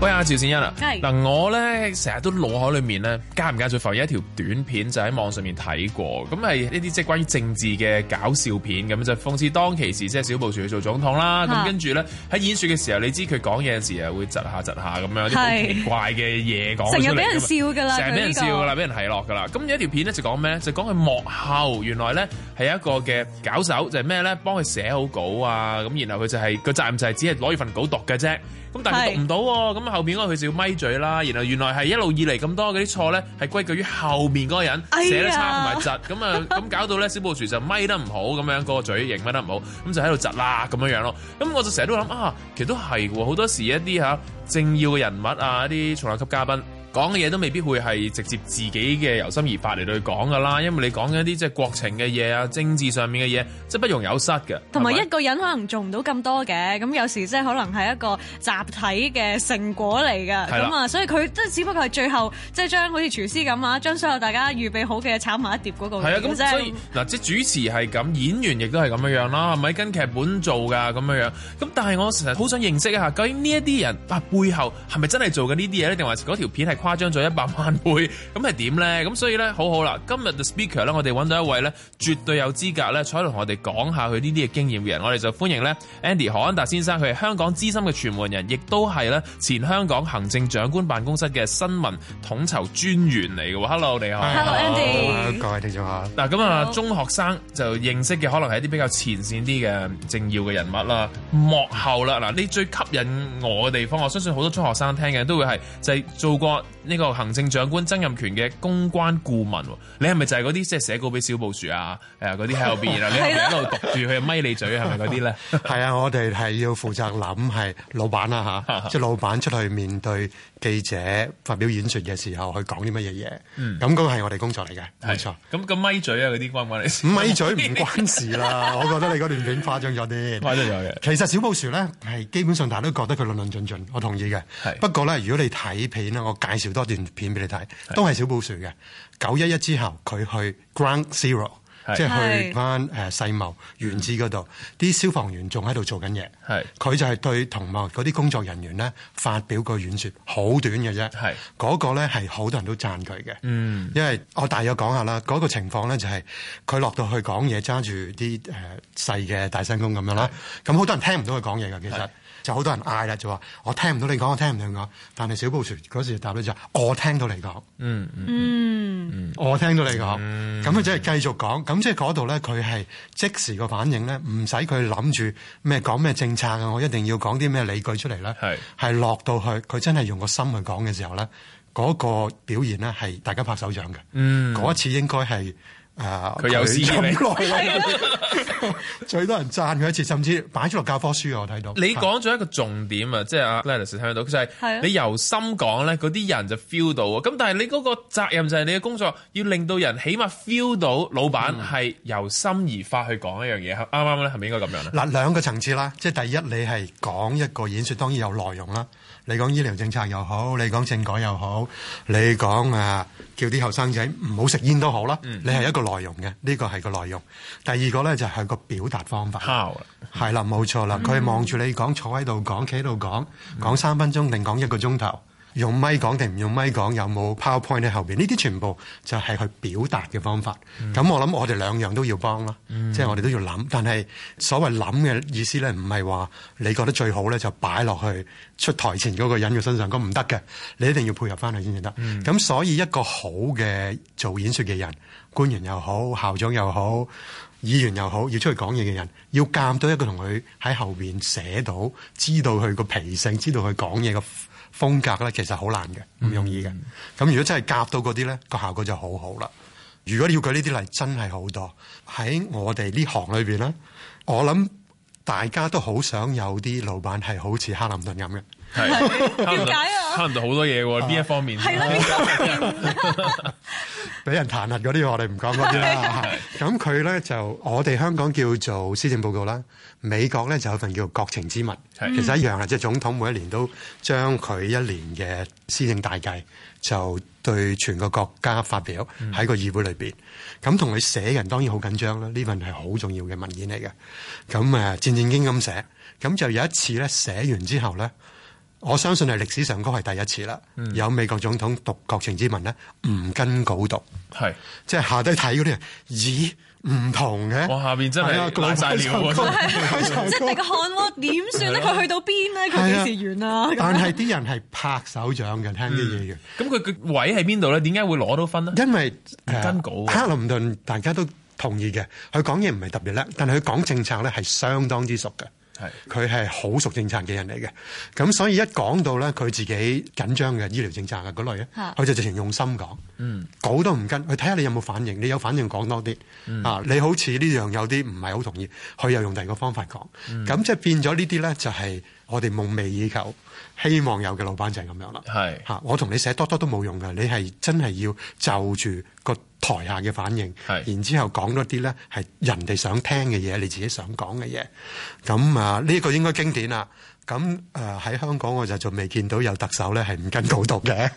喂，阿趙善欣啊，嗱、啊，我咧成日都腦海裏面咧間唔間中浮現一條短片就，就喺網上面睇過，咁係呢啲即係關於政治嘅搞笑片，咁就諷刺當其時即係、就是、小布殊去做總統啦，咁跟住咧喺演說嘅時候，你知佢講嘢嘅時候會窒下窒下咁樣，有啲奇怪嘅嘢講出嚟，成日俾人笑噶啦，成日俾人笑噶啦，俾人奚落噶啦，咁有一條片咧就講咩咧？就講佢幕後原來咧係一個嘅搞手，就係咩咧？幫佢寫好稿啊，咁然後佢就係、是、個責任就係只係攞一份稿讀嘅啫。咁但係讀唔到喎，咁後面嗰個佢就要咪嘴啦，然後原來係一路以嚟咁多嗰啲錯咧，係歸咎於後面嗰個人寫得差同埋窒，咁啊咁搞到咧小布殊就咪得唔好咁樣，嗰、嗰個嘴型咪得唔好，咁就喺度窒啦咁樣囉，咯。咁我就成日都諗啊，其實都係好多時一啲政要嘅人物啊，一啲重量級嘉賓。講嘅嘢都未必會係直接自己嘅由心而發嚟對佢講㗎啦，因為你講緊一啲即係國情嘅嘢啊、政治上面嘅嘢，即係不容有失嘅。同埋一個人可能做唔到咁多嘅，咁有時即係可能係一個集體嘅成果嚟嘅，咁啊，所以佢即係只不過係最後即係將好似廚師咁啊，將所有大家預備好嘅炒埋一碟嗰個嘢啫。嗱、就係，即主持係咁，演員亦都係咁樣樣啦，係咪跟劇本做㗎咁樣樣？咁但係我實在好想認識一下，究竟呢一啲人啊背後係咪真係做緊呢啲嘢咧？定話嗰條片係？誇張咗一百萬倍，咁係點呢？咁所以呢，好好啦，今日嘅 speaker 呢，我哋揾到一位呢，絕對有資格呢，坐同我哋講下佢呢啲嘅經驗嘅人，我哋就歡迎呢 Andy 何安達先生，佢係香港資深嘅傳媒人，亦都係呢，前香港行政長官辦公室嘅新聞統籌專員嚟嘅。Hello，你好。Hello，Andy。各位聽眾吓，嗱咁啊，啊 Hello. 中學生就認識嘅可能係一啲比較前線啲嘅政要嘅人物啦，幕後啦，嗱、啊，呢最吸引我嘅地方，我相信好多中學生聽嘅都會係就係、是、做過。呢、這個行政長官曾蔭權嘅公關顧問，你係咪就係嗰啲即係寫稿俾小布殊啊？誒嗰啲喺後邊啦， 你係咪一路讀住佢 咪你嘴係咪嗰啲咧？係 啊，我哋係要負責諗係老闆啦、啊、嚇，即 係、啊就是、老闆出去面對記者發表演説嘅時候，去講啲乜嘢嘢，咁嗰個係我哋工作嚟嘅，冇錯。咁咁咪嘴啊嗰啲關唔關你？咪嘴唔關事啦， 我覺得你嗰段片誇張咗啲，其實小布殊咧係基本上大家都覺得佢論論盡盡，我同意嘅。不過咧，如果你睇片咧，我解。少多段片俾你睇，都係小布殊嘅。九一一之後，佢去 Ground Zero，即係去翻誒世貿原址嗰度，啲、嗯、消防員仲喺度做緊嘢。佢就係對同埋嗰啲工作人員咧發表演說，嗰個演説，好短嘅啫。嗰個咧係好多人都讚佢嘅，嗯，因為我大約講下啦。嗰、嗰個情況咧就係佢落到去講嘢，揸住啲細嘅大聲公咁樣啦。咁好多人聽唔到佢講嘢㗎，其實。就好多人嗌啦，就話我聽唔到你講，我聽唔到你講。但係小布殊嗰時答佢就話我聽到你講，嗯嗯嗯我聽到你講。咁佢即係繼續講，咁即係嗰度咧，佢係即時個反應咧，唔使佢諗住咩講咩政策呀，我一定要講啲咩理據出嚟咧，係係落到去，佢真係用個心去講嘅時候咧，嗰個表現咧係大家拍手掌嘅。嗯，嗰一次應該係。佢、啊、有事咁耐， 最多人讚佢一次，甚至擺咗落教科書。我睇到你講咗一個重點是、就是、啊，即係啊，Ladis 聽到，就係、是、你由心講咧，嗰啲人就 feel 到啊！咁但係你嗰個責任就係你嘅工作，要令到人起碼 feel 到老闆係由心而發去講一、嗯、是是樣嘢，啱啱咧？係咪應該咁樣咧？嗱，兩個層次啦，即係第一，你係講一個演說，當然有內容啦。你講醫療政策又好，你講政改又好，你講啊叫啲後生仔唔好食煙都好啦。你係一個內容嘅，呢個係個內容。第二個咧就係個表達方法。係啦，冇錯啦。佢望住你講，坐喺度講，企喺度講，講三分鐘定講一個鐘頭。用咪講定唔用咪講，有冇 PowerPoint 喺後面？呢啲全部就係去表達嘅方法。咁、嗯、我諗我哋兩樣都要幫啦、嗯，即係我哋都要諗。但係所謂諗嘅意思咧，唔係話你覺得最好咧就擺落去出台前嗰個人嘅身上，咁唔得嘅，你一定要配合翻佢先至得。咁、嗯、所以一個好嘅做演說嘅人，官員又好，校長又好，議員又好，要出去講嘢嘅人，要夾到一個同佢喺後面寫到，知道佢個脾性，知道佢講嘢嘅。風格咧，其實好難嘅，唔容易嘅。咁、嗯、如果真係夾到嗰啲咧，個效果就好好啦。如果你要舉呢啲例，真係好多喺我哋呢行裏面呢，我諗大家都好想有啲老闆係好似哈林頓咁嘅。係，點解啊？差唔多好多嘢喎，邊一方面？係咯，俾 人彈劾嗰啲我哋唔講嗰啲啦。咁佢咧就，我哋香港叫做施政報告啦，美國咧就有份叫國情咨文，其實一樣啦，mm. 即係總統每一年都將佢一年嘅施政大計，就對全個國家發表喺個議會裏邊。咁同佢寫嘅人當然好緊張啦，呢份係好重要嘅文件嚟嘅。咁誒，戰戰兢兢咁寫，咁就有一次咧，寫完之後咧。我相信係歷史上都係第一次啦，有美國總統讀國情咨文呢，唔跟稿讀，係即係下底睇嗰啲人，咦唔同嘅，我下邊真係爛曬料喎，即係你個看喎點算呢？佢去到邊呢？佢幾時完啊？但係啲人係拍手掌嘅，聽啲嘢嘅，咁佢個位喺邊度呢？點解會攞到分呢？因為跟稿，克林頓大家都同意嘅，佢講嘢唔係特別叻，但係佢講政策呢係相當之熟嘅。佢係好熟政策嘅人嚟嘅，咁所以一講到咧，佢自己緊張嘅醫療政策嘅嗰類咧，佢就直情用心講，講、嗯、稿都唔跟，佢睇下你有冇反應。你有反應講多啲、嗯、啊，你好似呢樣有啲唔係好同意，佢又用第二個方法講，咁、嗯、即係變咗呢啲咧，就係我哋夢寐以求希望有嘅老闆就係咁樣啦、啊。我同你寫多多都冇用嘅，你係真係要就住。個台下嘅反應，然之後講多啲咧，係人哋想聽嘅嘢，你自己想講嘅嘢。咁啊，呢個應該經典啦。咁誒喺香港，我就仲未見到有特首咧係唔跟稿讀嘅，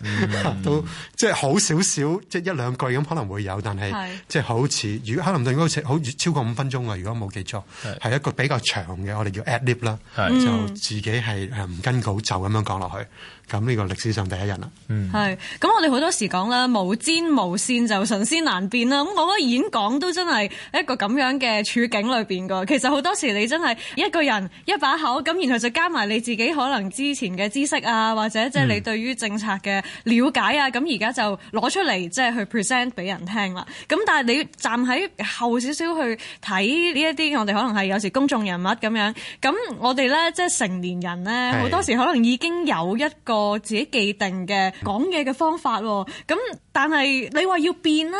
都即係好少少、嗯，即係一兩句咁可能會有，但係即係好似如果黑林頓好似好像超過五分鐘啊。如果冇記錯，係一個比較長嘅，我哋叫 ad lib 啦，就自己係唔跟稿就咁樣講落去。咁呢個歷史上第一人啦、嗯。嗯，係。咁我哋好多時講啦，無氈無扇就神仙難變啦。咁我覺得演講都真係一個咁樣嘅處境裏面噶。其實好多時你真係一個人一把口，咁然後就加埋你自己可能之前嘅知識啊，或者即係你對於政策嘅了解啊，咁而家就攞出嚟即係去 present 俾人聽啦。咁但係你站喺後少少去睇呢一啲，我哋可能係有時公眾人物咁樣。咁我哋咧即係成年人咧，好多時可能已經有一個。個自己既定嘅講嘢嘅方法，咁但係你話要變咧，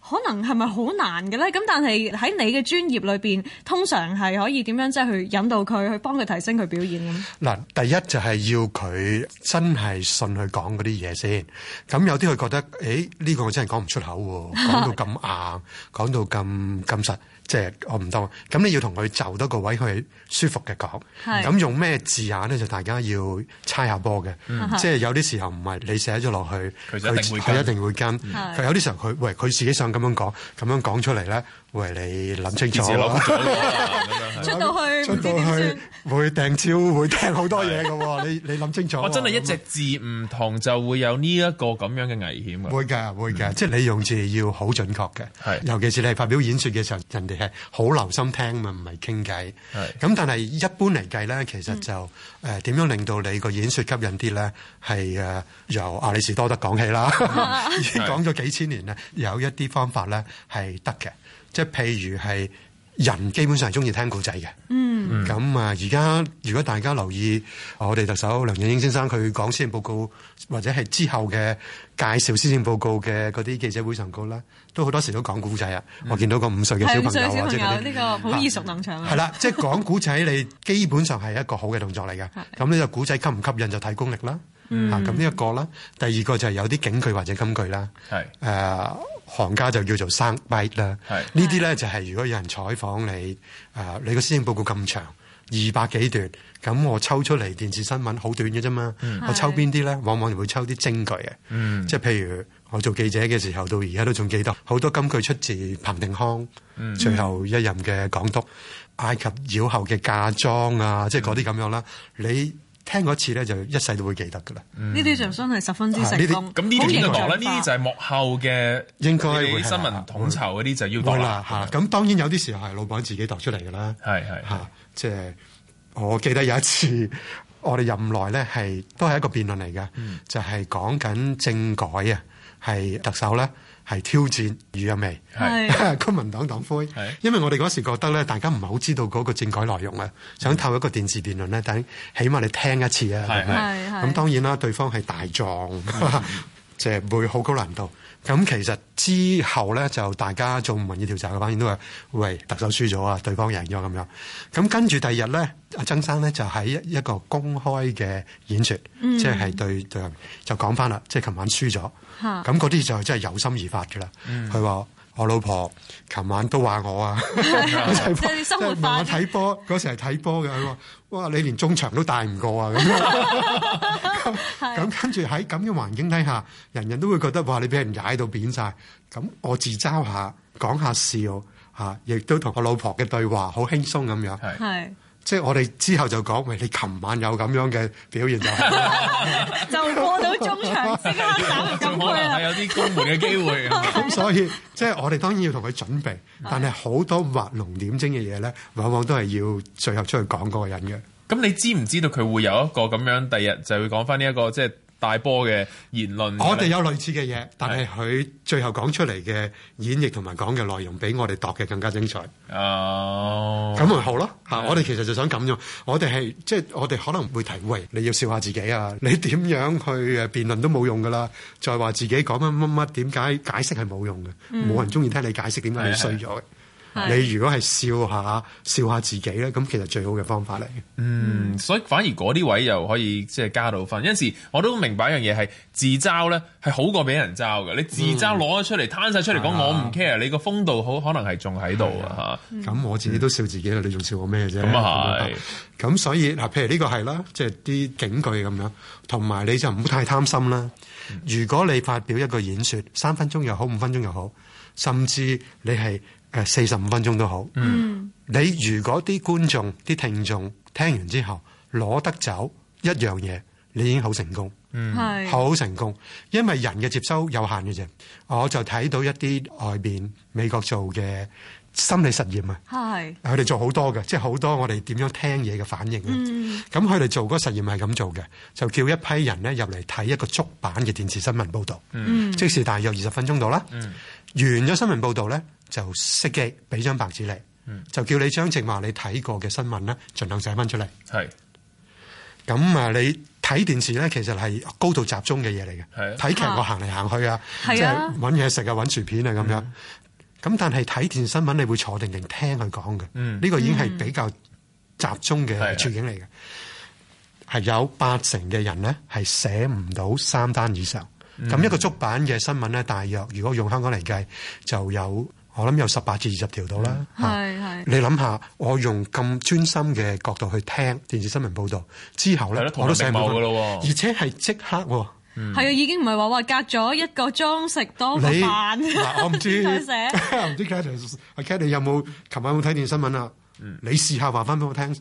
可能係咪好難嘅咧？咁但係喺你嘅專業裏邊，通常係可以點樣即係去引導佢，去幫佢提升佢表現咁？嗱，第一就係要佢真係信佢講嗰啲嘢先。咁有啲佢覺得，誒呢個我真係講唔出口，講到咁硬，講到咁咁實。即係我唔得，咁你要同佢就多個位去舒服嘅講，咁用咩字眼咧就大家要猜下波嘅、嗯。即係有啲時候唔係你寫咗落去，佢一定會跟。一定會跟，嗯、有啲時候佢喂佢自己想咁樣講，咁樣講出嚟咧，喂你諗清楚、啊。啊、 出到去， 出到去會訂超，會聽好多嘢嘅喎。你你諗清楚、啊。我真係一隻字唔同，就會有呢一個咁樣嘅危險嘅。會㗎，會㗎、嗯，即係你用字要好準確嘅。 尤其是你係發表演説嘅時候， 人哋。好留心聽嘛，唔係傾偈。咁但係一般嚟計咧，其實就誒點、呃、樣令到你個演說吸引啲咧，係、呃、由阿里士多德講起啦， 已經講咗幾千年啦。有一啲方法咧係得嘅，即、就、係、是、譬如係。人基本上係中意聽故仔嘅，咁、嗯、啊！而家如果大家留意我哋特首梁振英先生佢講施政報告，或者係之後嘅介紹施政報告嘅嗰啲記者會上講啦，都好多時都講故仔啊、嗯！我見到個五歲嘅小朋友，即係呢個好耳熟能詳。係、啊、啦，即係、就是、講故仔， 你基本上係一個好嘅動作嚟嘅。咁呢個故仔吸唔吸引就睇功力啦、嗯。啊，咁呢一個啦，第二個就係有啲警句或者金句啦。行家就叫做 sound bite 啦，呢啲咧就係、是、如果有人採訪你，啊、呃，你個施政報告咁長，二百幾段，咁我抽出嚟電視新聞好短嘅啫嘛，我抽邊啲咧，往往就會抽啲精句嘅，即係譬如我做記者嘅時候到而家都仲記得，好多金句出自彭定康，嗯、最後一任嘅港督，嗯、埃及妖后嘅嫁妝啊，嗯、即係嗰啲咁樣啦、嗯，你。聽嗰次咧就一世都會記得噶啦，呢、嗯、啲就真係十分之成功。咁呢啲呢啲就係幕後嘅，應該新聞統籌嗰啲就要多。冇啦嚇，咁當然有啲時候係老闆自己讀出嚟噶啦。係係嚇，即係我記得有一次我哋任內咧係都係一個辯論嚟嘅、嗯，就係講緊政改啊，係特首咧。係挑戰余音未，係公 民黨黨魁。係因為我哋嗰時覺得咧，大家唔係好知道嗰個政改內容啊，想透一個電視辯論咧，等起碼你聽一次啊，係係，咁當然啦，對方係大狀，即係會好高難度。咁其實之後咧，就大家做民意調查嘅反應都係，喂，特首輸咗啊，對方贏咗咁樣。咁跟住第二日咧。阿曾生咧就喺、是、一一個公開嘅演説，即、就、係、是、對對人就講翻啦，即係琴晚輸咗，咁嗰啲就真係有心而發噶啦。佢、嗯、話：我老婆琴晚都話我啊，睇 波， 睇波嗰時係睇波嘅。佢話：哇，你連中場都帶唔過啊！咁 咁 跟住喺咁嘅環境底下，人人都會覺得哇，你俾人踩到扁晒。」咁我自嘲下，講下笑吓，亦、啊、都同我老婆嘅對話好輕鬆咁樣。係。 即係我哋之後就講，咪你琴晚有咁樣嘅表現就， 就過到中場之間打進關 有啲高門嘅機會。咁 所以 即係我哋當然要同佢準備， 但係好多畫龍點睛嘅嘢咧， 往往都係要最後出去講嗰個人嘅。咁你知唔知道佢會有一個咁樣？第日就會講翻呢一個即係。就是大波嘅言論，我哋有類似嘅嘢，但係佢最後講出嚟嘅演繹同埋講嘅內容，比我哋度嘅更加精彩。哦，咁咪好咯吓！我哋其實就想咁樣，我哋係即係我哋可能會提喂，你要笑下自己啊！你點樣去辯論都冇用㗎喇，再話自己講乜乜乜，點解解釋係冇用嘅？冇、嗯、人中意聽你解釋點解你衰咗。你如果係笑下笑下自己咧，咁其實最好嘅方法嚟。嗯，所以反而嗰啲位又可以即係加到分。有時我都明白一樣嘢係自嘲咧，係好過俾人嘲嘅。你自嘲攞咗出嚟、嗯、攤晒出嚟講、啊，我唔 care，你個風度好可能係仲喺度啊吓。咁我自己都笑自己啦、嗯，你仲笑我咩啫？咁啊係。咁所以嗱，譬如呢個係啦，即係啲警句咁樣，同埋你就唔好太貪心啦。如果你發表一個演說，三分鐘又好，五分鐘又好，甚至你係。誒，四十五分鐘都好。嗯，你如果啲觀眾、啲聽眾聽完之後攞得走一樣嘢，你已經好成功。嗯，係好成功，因為人嘅接收有限嘅啫。我就睇到一啲外邊美國做嘅心理實驗啊，係佢哋做好多嘅，即係好多我哋點樣聽嘢嘅反應啊。咁佢哋做嗰個實驗係咁做嘅，就叫一批人咧入嚟睇一個足版嘅電視新聞報道，嗯，即時大約二十分鐘到啦。嗯，完咗新聞報道咧。就熄機，俾張白紙你、嗯，就叫你將正話你睇過嘅新聞咧，盡量寫翻出嚟。係咁啊！你睇電視咧，其實係高度集中嘅嘢嚟嘅。睇劇我行嚟行去啊，即係揾嘢食啊，揾、就、薯、是、片啊咁樣。咁、嗯、但係睇電新聞，你會坐定定聽佢講嘅。呢、嗯，這個已經係比較集中嘅處境嚟嘅。係有八成嘅人咧，係寫唔到三單以上。咁、嗯、一個足版嘅新聞咧，大約如果用香港嚟計，就有。我諗有十八至二十條到啦，係、嗯、係。你諗下，我用咁專心嘅角度去聽電視新聞報道之後咧，我都寫唔到噶咯喎，而且係即刻喎。係、嗯、啊，已經唔係話話隔咗一個鐘食多個飯我唔知道， 他寫。唔 知 Katy 阿 Katie 有冇琴晚有冇睇電新聞啊？嗯、你試下話翻俾我聽。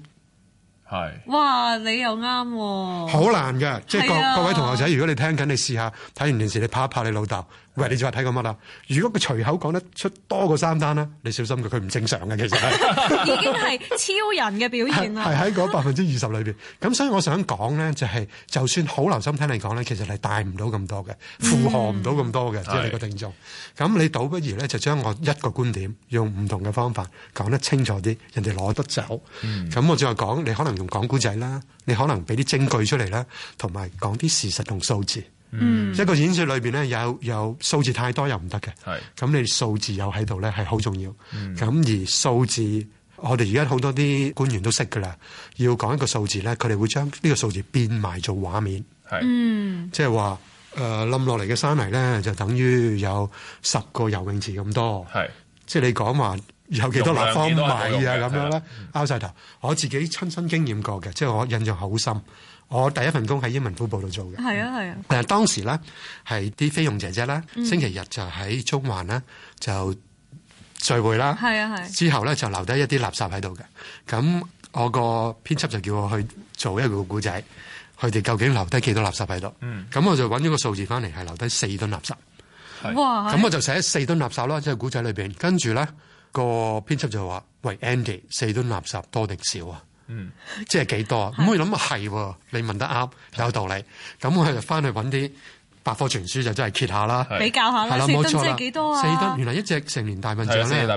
係哇！你又啱喎，哦，好難㗎。即係各，啊、各位同學仔，如果你聽緊，你試下睇完電視，你拍一拍你老豆，喂，你仲話睇過乜呀？如果佢隨口講得出多過三單啦，你小心佢，佢唔正常嘅，其實 已經係超人嘅表現啦。係喺嗰百分之二十裏邊，咁所以我想講咧，就係、是、就算好留心聽你講咧，其實你帶唔到咁多嘅，負荷唔到咁多嘅，即係你個定數。咁你倒不如咧，就將我一個觀點用唔同嘅方法講得清楚啲，人哋攞得走。咁、嗯、我就話講，你可能，用講古仔啦，你可能俾啲證據出嚟啦，同埋講啲事實同數字。嗯，一個演說裏邊咧有有數字太多又唔得嘅，係咁你數字又喺度咧係好重要。咁而數字，我哋而家好多啲官員都識噶啦，要講一個數字咧，佢哋會將呢個數字變埋做畫面。係，嗯，即係話誒冧落嚟嘅山泥咧，就等於有十個游泳池咁多。係，即係你講話。有幾多立方米啊？咁樣咧拗晒頭。我自己親身經驗過嘅，即係我印象好深。我第一份工喺英文報報度做嘅，係啊係啊。但係當時咧，係啲菲傭姐姐啦，星期日就喺中環啦就聚會啦。係啊，係啊。之後咧就留低一啲垃圾喺度嘅。咁我個編輯就叫我去做一個故仔，佢哋究竟留低幾多垃圾喺度？嗯。咁我就揾咗個數字翻嚟，係留低四噸垃圾。哇！啊。咁我就寫四噸垃圾啦，即係故仔裏面。跟住咧。個編輯就話：喂，Andy，四噸垃圾多定少啊？嗯，即係幾多？啊？我諗係，你問得啱，有道理。咁我就翻去揾啲百科全書，就真係揭下啦，比較下啦。係啦，冇錯。四噸即係幾多啊？四噸，原來一隻成年大笨象咧，一隻大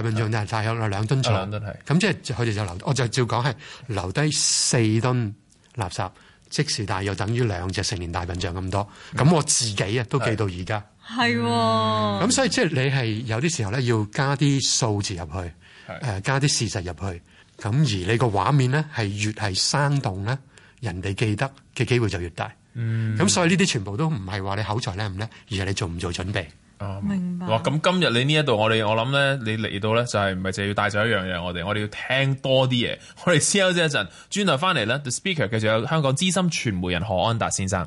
笨象，大約兩噸重。咁、啊嗯、即係佢哋就留，我就照講係留低四噸垃圾，即時大約等於兩隻成年大笨象咁多。咁我自己啊，都記到而家。嗯係、嗯，咁、嗯嗯、所以即係你係有啲時候咧，要加啲數字入去，誒，加啲事實入去，咁而你個畫面咧係越係生動咧，人哋記得嘅機會就越大。嗯，咁所以呢啲全部都唔係話你口才叻唔叻，而係你做唔做準備。哦、嗯，明白。哇，咁今日你呢一度，我哋我諗咧，你嚟到咧就係唔係就要帶走一樣嘢，我哋，我哋要聽多啲嘢，我哋交流咗一陣，轉頭翻嚟咧，the speaker 繼續有香港資深傳媒人何安達先生。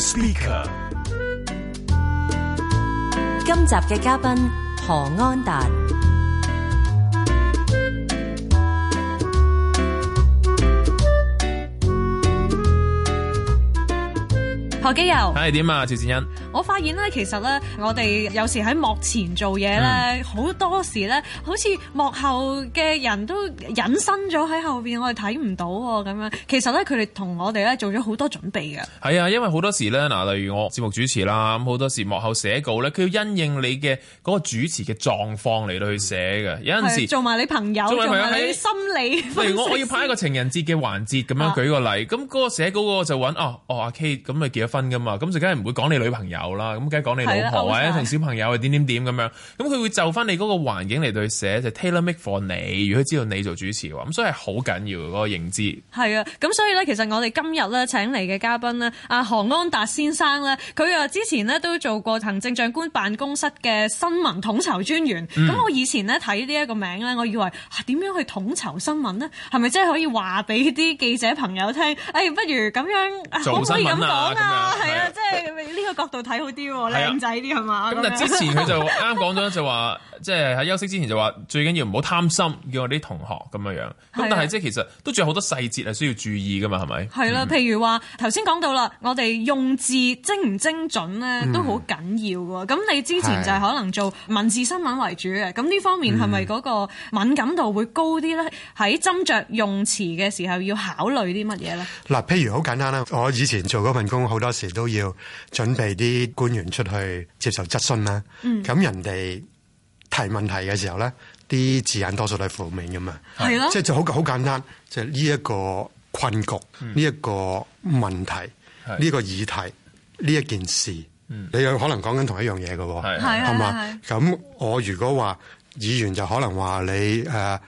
今集嘅嘉賓何安達何基友，係點啊？趙善欣。我發現咧，其實咧，我哋有時喺幕前做嘢咧，好多時咧，好似幕後嘅人都隱身咗喺後面。我哋睇唔到喎咁樣。其實咧，佢哋同我哋咧做咗好多準備嘅。係啊，因為好多時咧，嗱，例如我節目主持啦，咁好多時幕後寫稿咧，佢要因應你嘅嗰個主持嘅狀況嚟到去寫嘅。有陣時做埋你朋友，做埋你，做你心理，例如我，我要拍一個情人節嘅環節咁樣舉個例，咁、啊、嗰、那個寫稿嗰個就揾哦哦阿、啊、K 咁咪結咗婚噶嘛，咁就梗係唔會講你女朋友。啦，咁梗係講你老婆啊，同小朋友係點點點咁樣，咁佢會就翻你嗰個環境嚟對寫，就是、tailor make for 你。如果知道你做主持嘅話，咁所以係好緊要嗰、那個認知。係啊，咁所以咧，其實我哋今日咧請嚟嘅嘉賓咧，阿何安達先生咧，佢啊之前咧都做過行政長官辦公室嘅新聞統籌專員。咁、嗯、我以前咧睇呢一個名咧，我以為點樣去統籌新聞呢，係咪真係可以話俾啲記者朋友聽？誒，不如咁樣，啊、可，可以咁講啊，係啊，即係呢個角度。睇好啲，靚仔啲係嘛？咁之前佢就啱講咗，就話即係喺休息之前就話最緊要唔好貪心，叫我啲同學咁樣樣咁、啊、但係即係其實都仲有好多細節係需要注意噶嘛，係咪、啊？係啦，譬如話頭先講到啦，我哋用字精唔精準咧都好緊要嘅。咁、嗯、你之前就係可能做文字新聞為主嘅，咁呢方面係咪嗰個敏感度會高啲咧？喺斟酌用詞嘅時候，要考慮啲乜嘢咧？嗱，譬如好簡單啦，我以前做嗰份工，好多時都要準備啲。啲官員出去接受質詢啦，咁、嗯、人哋提問題嘅時候咧，啲字眼多數都係負面噶嘛，係咯，即係就好、是、好簡單，就呢、是、一個困局，呢、嗯、一、這個問題，呢、這個議題，呢一件事，嗯、你有可能講緊同一樣嘢噶，係係係係，咁我如果話議員就可能話你誒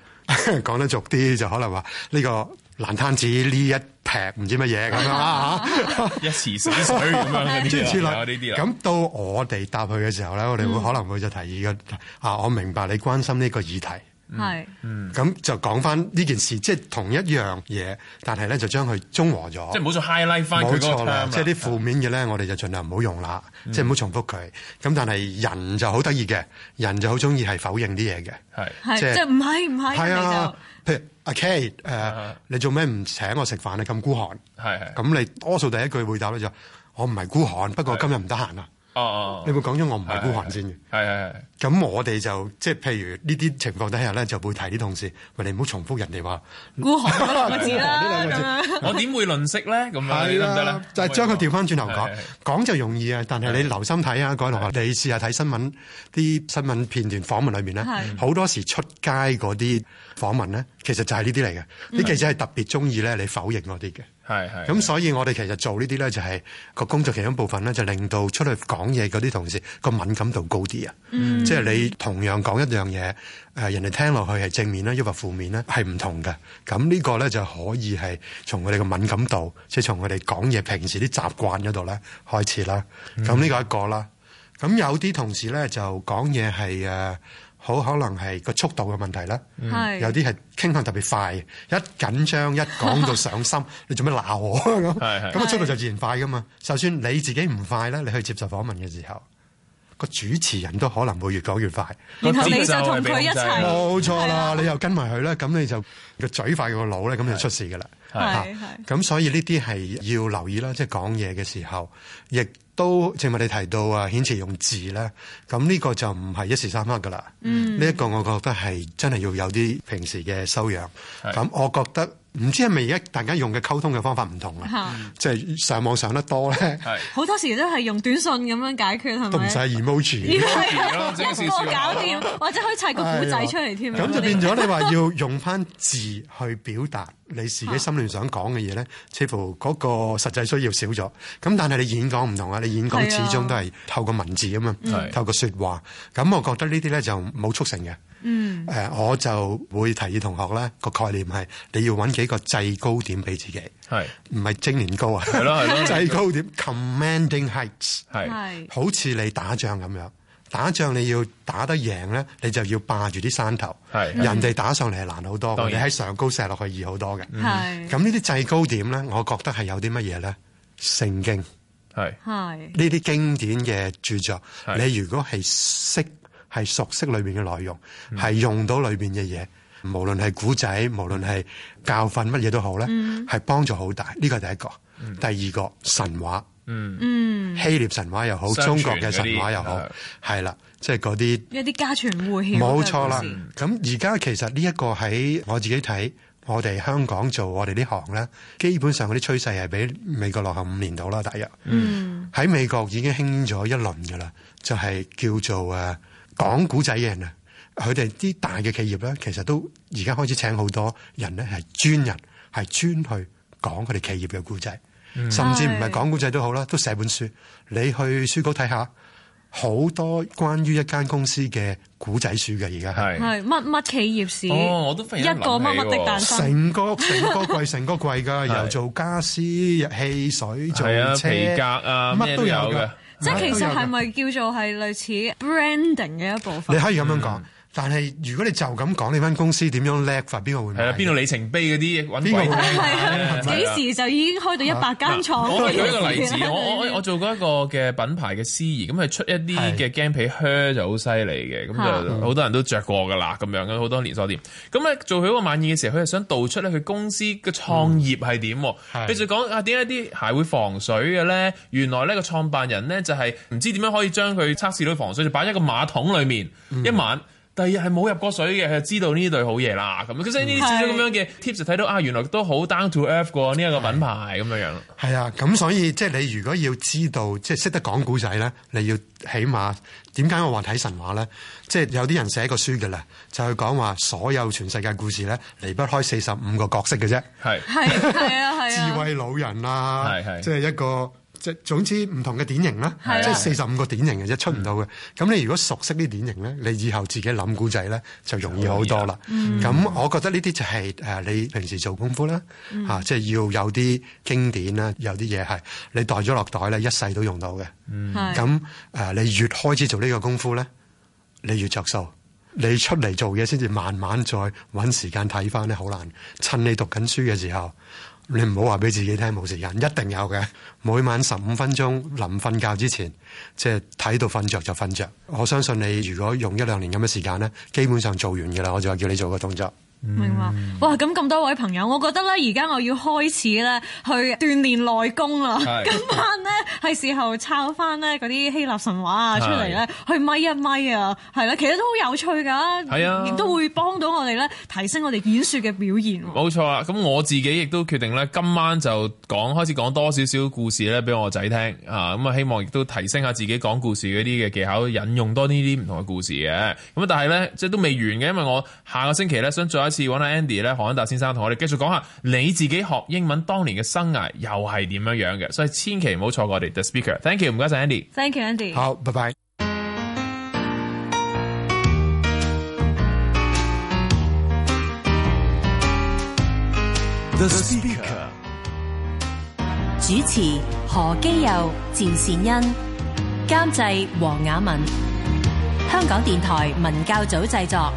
講、呃、得俗啲，就可能話呢、這個。難攤子呢一劈唔知乜嘢咁樣啊， 一池死水咁樣唔知啦，咁到我哋答佢嘅時候咧， 我哋會可能會就提議個、嗯、啊，我明白你關心呢個議題。係、嗯，咁、嗯、就講翻呢件事，即、就、係、是、同一樣嘢，但係咧就將佢中和咗。即係唔好再 highlight 翻佢嗰個 part。冇錯啦，即係啲負面嘅咧，我哋就儘量唔好用啦，即係唔好重複佢。咁但係人就好得意嘅，人就好中意係否認啲嘢嘅。係即係唔係唔係。係啊，譬如阿 K 誒，你做咩唔請我食飯？你咁孤寒。係係。咁你多數第一句回答咧就，我唔係孤寒，不過今日唔得閒啦。哦哦，你會講咗我唔係孤寒先嘅。係，咁我哋就即係譬如呢啲情況底下咧，就會提啲同事，喂，你唔好重複人哋話孤寒、啊 啊 啊、 呢兩個字我點會吝嗇咧？咁 樣係啦，就係將佢調翻轉頭講，講就容易啊。但係你留心睇下各位同學，你試下睇新聞啲新聞片段訪問裏面咧，好多時出街嗰啲訪問咧，其實就係呢啲嚟嘅。啲、嗯、記者係特別中意咧，你否認嗰啲嘅。係係，咁所以我哋其實做呢啲咧，就係個工作其中一部分咧，就令到出去講嘢嗰啲同事個敏感度高啲啊、嗯，即係你同樣講一樣嘢，誒，人哋聽落去係正面啦，抑或負面咧，係唔同嘅。咁呢個咧就可以係從佢哋嘅敏感度，即係從佢哋講嘢平時啲習慣嗰度咧開始啦。咁呢個一個啦，咁有啲同事咧就講嘢係誒。好可能係個速度嘅問題啦，嗯、有啲係傾向特別快，一緊張一講到上心， 你做咩鬧我咁？咁啊速度就自然快噶嘛。 就算你自己唔快咧，你去接受訪問嘅時候，個主持人都可能會越講越快，然後你就同佢一齊，冇 錯啦， 你又跟埋佢咧，咁你就個嘴快過腦咧，咁就出事噶啦。 係，咁、啊、所以呢啲係要留意啦。即係講嘢嘅時候，亦都正如你提到啊，遣詞用字咧，咁呢個就唔係一時三刻噶啦。嗯，呢、這、一個我覺得係真係要有啲平時嘅修養。咁我覺得唔知係咪而家大家用嘅溝通嘅方法唔同啦，即係、就是、上網上得多咧。好多時都係用短信咁樣解決，係咪？都唔使 emoji，一 個 搞掂定， 或者可以砌個古仔出嚟添。咁、哎、就變咗你話要用翻字去表達。 你自己心裏想講嘅嘢咧，似乎嗰個實際需要少咗。咁但係你演講唔同啊，你演講始終都係透過文字啊嘛、嗯，透過說話。咁我覺得呢啲咧就冇促成嘅。誒、嗯呃，我就會提議同學咧、嗰個概念係，你要揾幾個制高點俾自己，唔係、啊、蒸年糕啊，啊啊啊制高點 commanding heights、啊、好似你打仗咁樣。打仗你要打得贏咧，你就要霸住啲山頭，係人哋打上嚟係難好多，你喺上高射落去易好多嘅。係咁呢啲制高點咧，我覺得係有啲乜嘢咧？聖經，係係呢啲經典嘅著作，你如果係識，係熟悉裏面嘅內容，係用到裏面嘅嘢，無論係古仔，無論係教訓乜嘢都好咧，係幫助好大。呢個係第一個，第二個、嗯、神話。嗯，希臘神話又好，中國嘅神話又好，係啦，即係嗰啲一啲家傳戶曉冇錯啦。咁而家其實呢一個喺我自己睇，我哋香港做我哋呢行咧，基本上嗰啲趨勢係比美國落後五年到啦，大約。嗯，喺美國已經興咗一輪噶啦，就係叫做誒講古仔嘅人啊，佢哋啲大嘅企業咧，其實都而家開始請好多人咧，係專人係專去講佢哋企業嘅古仔。甚至唔係講古仔都好啦，都寫本書。你去書局睇下，好多關於一間公司嘅古仔書嘅，而家係係乜乜企業史哦，我都一個乜乜的誕生，成個成個櫃，成個櫃噶， 由做家私、汽水，做皮革啊，乜、啊、都有嘅。即係其實係咪叫做係類似 branding 嘅一部分？你可以咁樣講。嗯但係如果你就咁講你間公司點樣叻法，邊個會買啊？邊度里程碑嗰啲，邊個會買？幾時就已經開到一百間廠嘅？我舉一個例子，我我我做過一個嘅品牌嘅司儀，咁係出一啲嘅麂皮靴就好犀利嘅，咁就好多人都着過噶啦，咁樣咁好多連鎖店。咁咧做佢個晚宴嘅時候，佢係想道出咧佢公司嘅創業係點。佢就講啊，點解啲鞋會防水嘅咧？原來呢個創辦人咧就係唔知點樣可以將佢測試到防水，就擺喺個馬桶裏面一晚。第二係冇入過水嘅，佢知道呢對好嘢啦，咁即係呢啲咁樣嘅 tips 睇到啊，原來都好 down to earth 嘅呢一個品牌咁樣、啊、樣。係啊，咁所以即係、就是、你如果要知道，即係識得講故仔咧，你要起碼點解我話睇神話咧？即、就、係、是、有啲人寫個書嘅啦，就係講話所有全世界故事咧，離不開四十五個角色嘅啫。係係係啊，智慧老人啦、啊，係係、啊，即係、啊就是、一個。即總之唔同嘅典型啦，即係四十五個典型嘅啫，出唔到嘅。咁你如果熟悉啲典型咧，你以後自己諗古仔咧就容易好多啦。咁、嗯、我覺得呢啲就係、是、你平時做功夫啦，即、嗯、係、啊就是、要有啲經典啦，有啲嘢係你袋咗落袋咧，一世都用到嘅。咁、呃、你越開始做呢個功夫咧，你越着數，你出嚟做嘢先至慢慢再搵時間睇翻咧，好難。趁你讀緊書嘅時候。你唔好話俾自己聽冇時間，一定有嘅。每晚十五分鐘，臨瞓覺之前，即係睇到瞓着，就瞓着。我相信你，如果用一兩年咁嘅時間呢，基本上做完噶啦。我就話叫你做個動作。嗯、明白，哇！咁咁多位朋友，我覺得咧，而家我要開始咧，去鍛鍊內功啦。今晚咧係時候抄翻呢嗰啲希臘神話啊出嚟咧，去咪一咪啊，係啦，其實都好有趣噶，係啊，亦都會幫到我哋咧提升我哋演說嘅表現。冇錯啊！咁我自己亦都決定咧，今晚就講開始講多少少故事咧，俾我仔聽啊！咁啊，希望亦都提升下自己講故事嗰啲嘅技巧，引用多呢啲唔同嘅故事嘅。咁、啊、但係咧，即係都未完嘅，因為我下個星期咧想做次搵阿 Andy 咧，何安達先生同我哋繼續講下你自己學英文當年嘅生涯又係點樣樣嘅，所以千祈唔好錯過我哋 The Speaker。Thank you，Thank you，唔該晒 Andy。Thank you，Andy。好，拜拜。The Speaker 主持何基佑、詹善恩，監製黃雅文，香港電台文教組製作。